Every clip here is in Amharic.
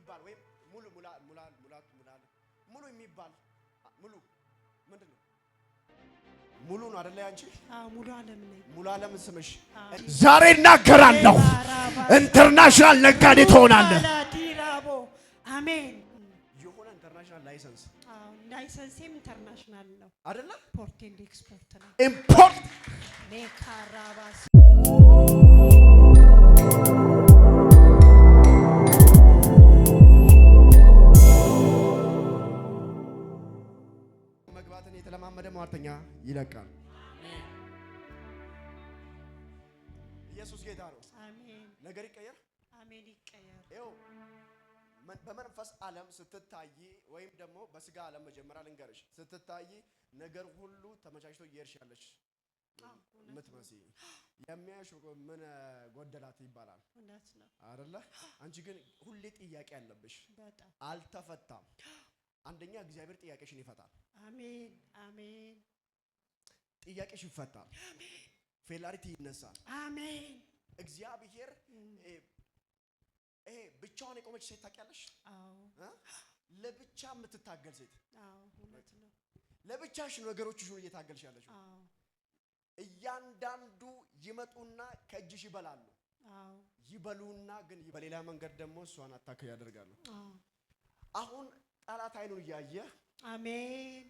የሚባል ወይም ሙሉ ሙላ ሙላ ሙላ ሙላ ሙሉ የሚባል ሙሉ ምንድን ነው? ሙሉ ነው አይደለ? አንቺ ሙሉ ዓለም ነኝ። ሙሉ ዓለም ስምሽ ዛሬ እናገራለሁ። ኢንተርናሽናል ነጋዴ ትሆናለህ። አሜን። የሆነ ኢንተርናሽናል ላይሰንስ ላይሰንሴም ኢንተርናሽናል ነው አይደለ? ኢምፖርት ኤክስፖርት ነው። ኢምፖርት ሜካራባስ የተለማመደ ሟርተኛ ይለቃል። ኢየሱስ ጌታ ነው። ነገር ይቀየር፣ አሜን ይቀየር። ይኸው በመንፈስ ዓለም ስትታይ ወይም ደግሞ በስጋ ዓለም መጀመሪያ ልንገርሽ ስትታይ ነገር ሁሉ ተመቻችቶ እየሄድሽ ያለሽ ምትመስ ምን ጎደላት ይባላል አይደለ? አንቺ ግን ሁሌ ጥያቄ አለብሽ፣ አልተፈታም። አንደኛ እግዚአብሔር ጥያቄሽን ይፈታል። አሜን አሜን። ጥያቄሽ ይፈታል። አሜን። ፌላሪቲ ይነሳል። አሜን። እግዚአብሔር ይሄ ብቻዋን የቆመች ሴት ታውቂያለሽ? ለብቻ የምትታገል ሴት ለብቻሽ ነገሮች ሁሉ እየታገልሽ ያለሽ እያንዳንዱ ይመጡና ከእጅሽ ይበላሉ። ይበሉና ግን በሌላ መንገድ ደግሞ እሷን አታክ ያደርጋሉ። አሁን ጠላት አይኑን እያየ አሜን።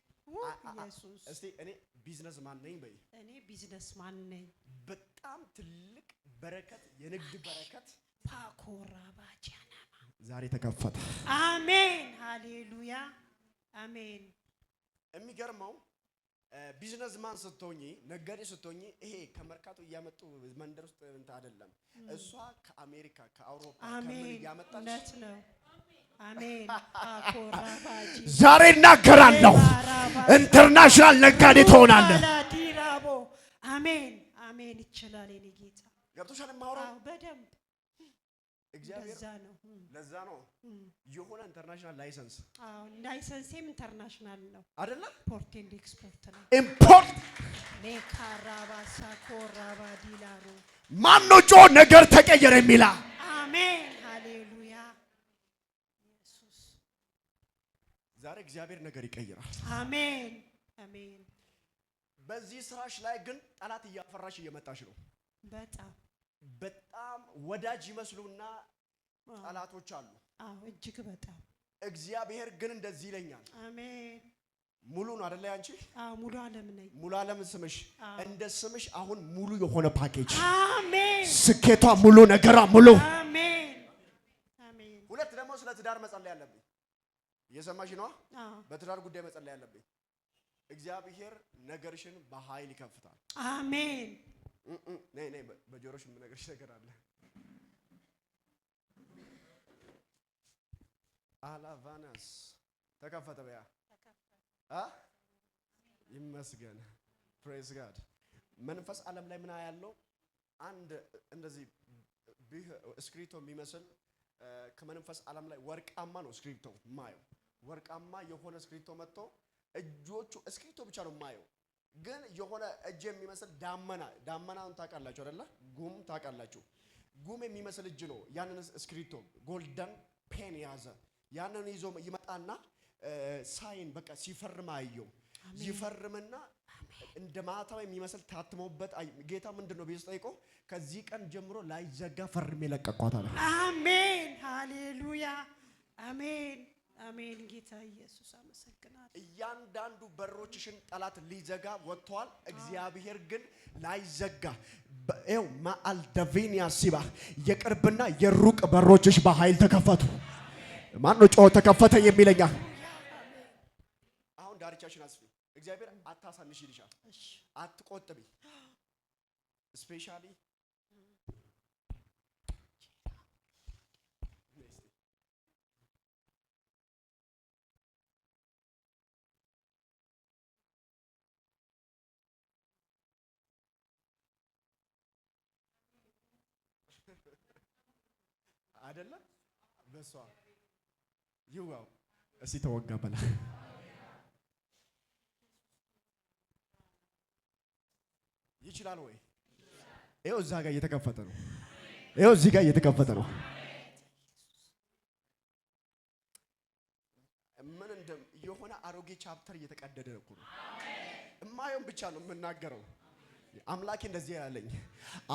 ኢየሱስ እስቲ እኔ ቢዝነስ ማን ነኝ በይ። እኔ ቢዝነስ ማን ነኝ። በጣም ትልቅ በረከት፣ የንግድ በረከት ፓኮራባቻና ዛሬ ተከፈተ። አሜን፣ ሃሌሉያ፣ አሜን። የሚገርመው ቢዝነስ ማን ስትሆኚ፣ ነጋዴ ስትሆኚ ይሄ ከመርካቶ እያመጡ መንደር ውስጥ እንትን አይደለም። እሷ ከአሜሪካ ከአውሮፓ ከምን እያመጣች ነው ዛሬ እናገራለሁ። ኢንተርናሽናል ነጋዴ ትሆናለህ። አሜን አሜን። ይችላል የኔ ጌታ ገብቶሻል። ማውራት በደንብ እግዚአብሔር ለዛ ነው የሆነ ኢንተርናሽናል ላይሰንስ አዎ፣ ላይሰንሴም ኢንተርናሽናል ነው አይደለ? ኢምፖርት ኤንድ ኤክስፖርት ነው። ኢምፖርት ሜካራባ ሳኮራባ ዲላሩ ማን ነው ጮ ነገር ተቀየረ የሚላ ዛሬ እግዚአብሔር ነገር ይቀይራል። አሜን አሜን። በዚህ ስራሽ ላይ ግን ጠላት እያፈራሽ እየመጣሽ ነው። በጣም በጣም ወዳጅ ይመስሉና ጠላቶች አሉ። አዎ እጅግ በጣም እግዚአብሔር ግን እንደዚህ ይለኛል። አሜን። ሙሉ ነው አደለ አንቺ ሙሉ ዓለም ነኝ። ሙሉ ዓለም ስምሽ እንደ ስምሽ አሁን ሙሉ የሆነ ፓኬጅ። አሜን። ስኬቷ ሙሉ፣ ነገሯ ሙሉ። አሜን አሜን። ሁለት ደግሞ ስለ ትዳር መጸለይ ያለብኝ እየሰማሽ ነው። በትዳር ጉዳይ መጸለይ ያለብኝ እግዚአብሔር ነገርሽን በኃይል ይከፍታል። አሜን። ነይ ነይ፣ በጆሮሽ የምነግርሽ ነገር አለ። አላቫናስ ተከፈተ በያ አ ይመስገን። ፕሬዝ ጋድ። መንፈስ ዓለም ላይ ምን ያለው አንድ እንደዚህ እስክሪብቶ የሚመስል ከመንፈስ ዓለም ላይ ወርቃማ ነው። እስክሪብቶ ማየው ወርቃማ የሆነ እስክሪቶ መጥቶ እጆቹ እስክሪቶ ብቻ ነው የማየው፣ ግን የሆነ እጅ የሚመስል ዳመና ዳመናን ታውቃላችሁ አይደለ? ጉም ታውቃላችሁ። ጉም የሚመስል እጅ ነው ያንን እስክሪብቶ ጎልደን ፔን የያዘ ያንን ይዞ ይመጣና ሳይን በቃ ሲፈርም አየው። ይፈርምና እንደ ማህተም የሚመስል ታትሞበት ጌታ ምንድን ነው ቤት ጠይቆ ከዚህ ቀን ጀምሮ ላይዘጋ ፈርሜ ለቀኳታል። አሜን፣ ሃሌሉያ፣ አሜን። አሜን። ጌታ ኢየሱስ አመሰግናለሁ። እያንዳንዱ በሮችሽን ጠላት ሊዘጋ ወጥቷል። እግዚአብሔር ግን ላይዘጋ ይኸው ማአልደቪኒያ ሲባ የቅርብና የሩቅ በሮችሽ በኃይል ተከፈቱ። ማን ነው ጮኸ ተከፈተ የሚለኛ? አሁን ዳርቻሽን አስፊ። እግዚአብሔር አታሳንሽ ይልሻል። አትቆጥቢ። ስፔሻሊ አይደለ? በሷ ይዋው ተወጋ በላ ይችላል ወይ? ይኸው እዛ ጋር እየተከፈተ ነው። ይኸው እዚህ ጋር እየተከፈተ ነው። ምን እንደ የሆነ አሮጌ ቻፕተር እየተቀደደ እኮ ነው። እማየውን ብቻ ነው የምናገረው። አምላኬ እንደዚህ ያለኝ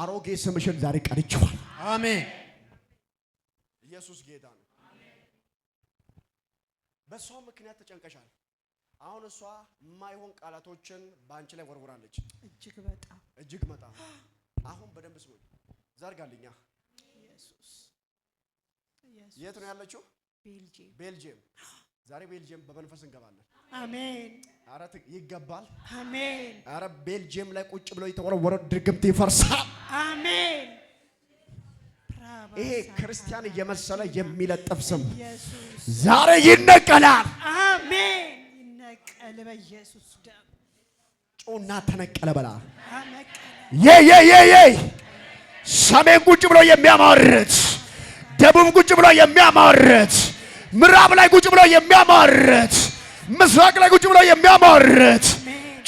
አሮጌ ስምሽን ዛሬ ቀድቼዋል። አሜን ኢየሱስ ጌታ ነው። በእሷ ምክንያት ተጨንቀሻል። አሁን እሷ የማይሆን ቃላቶችን በአንቺ ላይ ወርውራለች። እጅግ በጣም እጅግ በጣም አሁን በደንብ ስሙኝ። ዘርጋልኛ የት ነው ያለችው? ቤልጂየም ዛሬ ቤልጂየም በመንፈስ እንገባለን። አሜን። አረ ይገባል። አሜን። አረ ቤልጂየም ላይ ቁጭ ብለው የተወረወረ ድርግምት ይፈርሳል። አሜን። ይሄ ክርስቲያን እየመሰለ የሚለጠፍ ስም ዛሬ ይነቀላል። አሜን። ይነቀል በኢየሱስ ደም። ጩና ተነቀለ በላ የየየየይ ሰሜን ቁጭ ብሎ የሚያማርት ደቡብ ቁጭ ብሎ የሚያማርት ምዕራብ ላይ ቁጭ ብሎ የሚያማርት ምስራቅ ላይ ቁጭ ብሎ የሚያማርት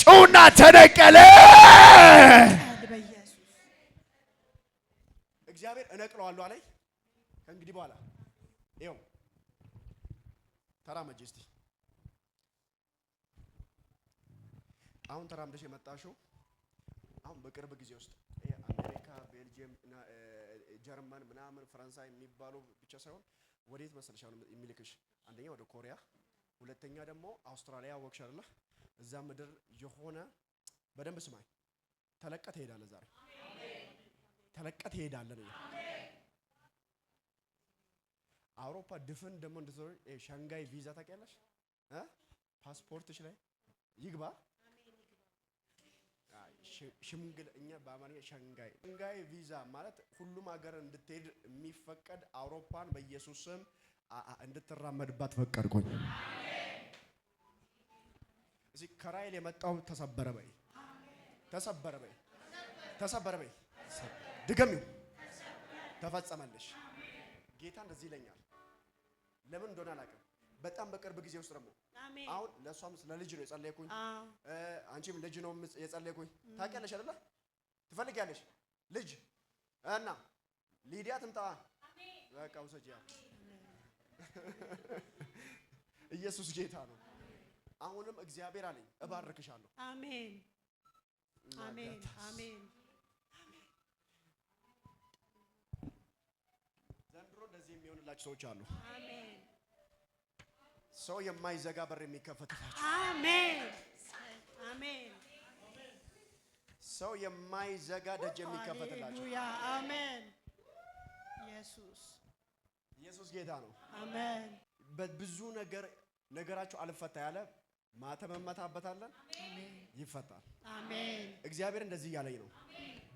ጩና ተነቀለ። እነቅለዋለሁ አለኝ። ከእንግዲህ በኋላ ይኸው ተራመጅ እስቲ። አሁን ተራምደሽ የመጣሽው አሁን በቅርብ ጊዜ ውስጥ አሜሪካ፣ ቤልጅየም፣ ጀርመን ምናምን ፈረንሳይ የሚባሉ ብቻ ሳይሆን ወዴት መሰለሽ አሁን የሚልክሽ አንደኛ ወደ ኮሪያ፣ ሁለተኛ ደግሞ አውስትራሊያ ወክሽ አይደለ? እዛ ምድር የሆነ በደንብ ስማኝ፣ ተለቀ ትሄዳለህ። ዛሬ ተለቀ ትሄዳለህ ነው አውሮፓ ድፍን ደግሞ እንድትኖር ሻንጋይ ቪዛ ታውቂያለሽ? ፓስፖርትሽ ላይ ይግባ ሽምግል እኛ በአማርኛ ሻንጋይ ሻንጋይ ቪዛ ማለት ሁሉም ሀገር እንድትሄድ የሚፈቀድ አውሮፓን በኢየሱስ ስም እንድትራመድባት ፈቀድኩኝ። እዚህ ከራይል የመጣው ተሰበረ በይ፣ ተሰበረ በይ፣ ተሰበረ በይ፣ ድገሚው። ተፈጸመልሽ። ጌታ እንደዚህ ይለኛል። ለምን እንደሆነ አላውቅም። በጣም በቅርብ ጊዜ ውስጥ ደግሞ አሁን ለእሷም ለልጅ ነው የጸለይኩኝ፣ አንቺም ልጅ ነው የጸለይኩኝ። ታውቂያለሽ አይደለ? ትፈልጊያለሽ ልጅ እና ሊዲያ ትምጣ። በቃ ያ ኢየሱስ ጌታ ነው። አሁንም እግዚአብሔር አለኝ እባርክሻለሁ። አሜን አሜን አሜን። ያላችሁ ሰዎች አሉ። ሰው የማይዘጋ በር የሚከፈትላቸው አሜን። ሰው የማይዘጋ ደጅ የሚከፈትላችሁ፣ ኢየሱስ ጌታ ነው። አሜን። በብዙ ነገር ነገራችሁ አልፈታ ያለ ማተም ይፈታል። አሜን። እግዚአብሔር እንደዚህ እያለኝ ነው።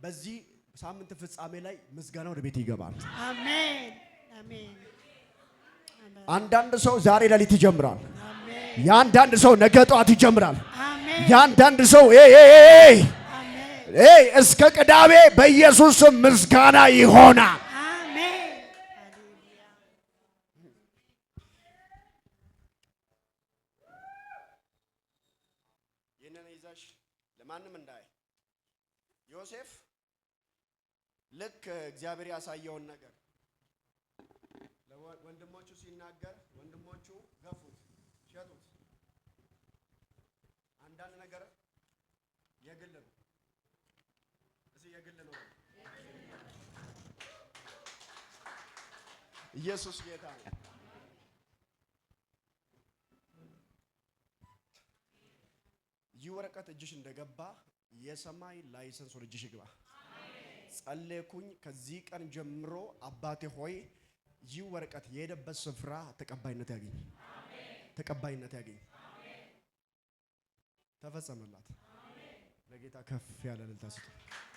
በዚህ ሳምንት ፍጻሜ ላይ ምስጋና ወደ ቤት ይገባል። አሜን። አንዳንድ ሰው ዛሬ ሌሊት ይጀምራል። የአንዳንድ ሰው ነገ ጠዋት ይጀምራል። የአንዳንድ ሰው እስከ ቅዳሜ በኢየሱስ ስም ምስጋና ይሆናል። ይህንን ይዘሽ ለማንም እንዳይ ዮሴፍ ልክ እግዚአብሔር ያሳየውን ነገር ወንድሞቹ ሲናገር ወንድሞቹ ገፉት፣ ሸጡት። አንዳንድ ነገር የግል ነው። እዚህ የግል ነው። ኢየሱስ ጌታ ነው። ይህ ወረቀት እጅሽ እንደገባ የሰማይ ላይሰንስ ወደ እጅሽ ይግባ። ጸለይኩኝ። ከዚህ ቀን ጀምሮ አባቴ ሆይ ይህ ወረቀት የሄደበት ስፍራ ተቀባይነት ያገኝ፣ ተቀባይነት ያገኝ። ተፈጸመላት። ለጌታ ከፍ ያለ እልልታ ስጡ።